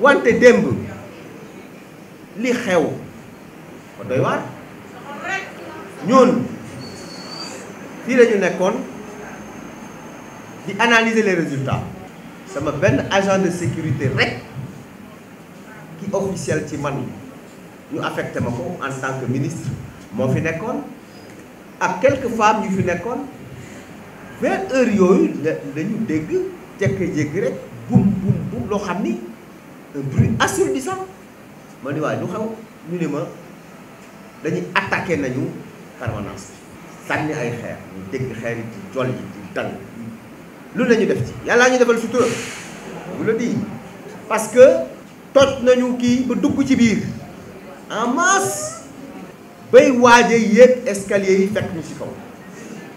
wante demb li xew doy di analyser les résultats sama un agent de sécurité qui ki officiel ci affecté en tant que ministre moo fi nekkoon ak quelques femmes yu fi nekkoon vers heure yooyu dégg rek bum un bruit assourdissant ma nous sommes nous permanence Nous Nous ay xeer ñu dégg Nous ci jol yi ci dal lu parce que tout nañu monde ba dugg ci en masse bay waaje yéeg escalier Nous fekk ñu ci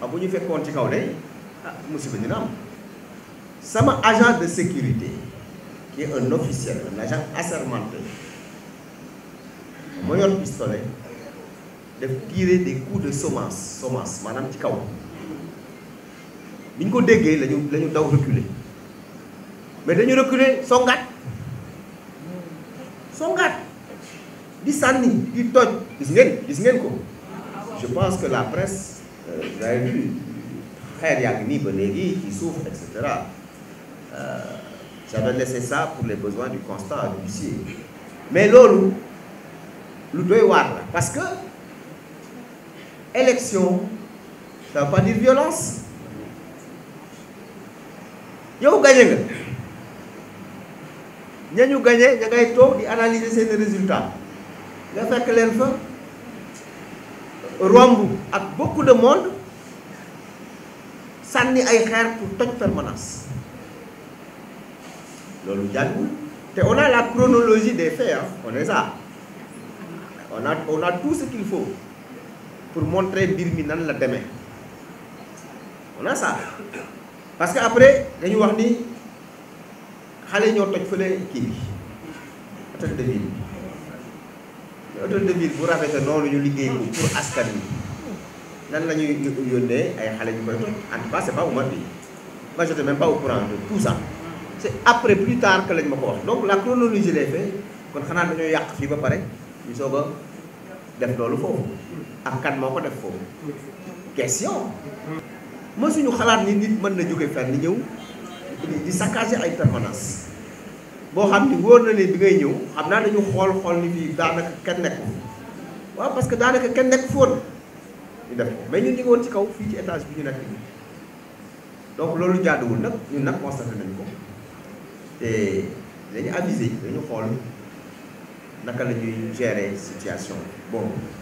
ah, ci kaw ah agent de sécurité qui est un officiel, un agent assermenté, un un pistolet def tirer des coups de semence semence madame ci kaw bi ñu ko déggee lañu lañu daw reculer mais dañu reculer songaat songaat di années, di toj dix ngeen dix ngeen ko je pense que la presse euh, vous avez vu xeer yaa ngi nii qui etc. J'avais laissé ça pour les besoins du constat du l'huissier. Mais lolo, nous devons voir. parce que élection ça ne veut pas dire violence. avons gagné nous avons gagné ña ngay toog di analyser seen résultat fait fekk leen fa romb avec beaucoup de monde ça ay pas pour toute permanence on a la chronologie des faits hein, on est ça on a tout ce qu'il faut pour montrer Birminan la demain. on a ça parce qu'après, après dañu wax de ville pour en tout cas pas au moins moi même pas au courant de tout ça c'est après plus tard que lañ ma ko wax donc la chronologie les faits kon xanaa dañoo yàq fii ba pare ñu soog a def loolu foofu ak kan moo ko def foofu question ma suñu xalaat ni nit mën na jóge fenn ñëw di saccager ay permanence boo xam ni wóor na ne bi ngay ñëw xam naa dañu xool xool ni fii daanaka kenn nekku waaw parce que daanaka kenn nekk foon ñu def mais ñun ñu ngi woon ci kaw fii ci étage bi ñu nekk donc loolu jaaduwul nag ñun nag constaté nañ ko te avisé aviser dañu naka la situation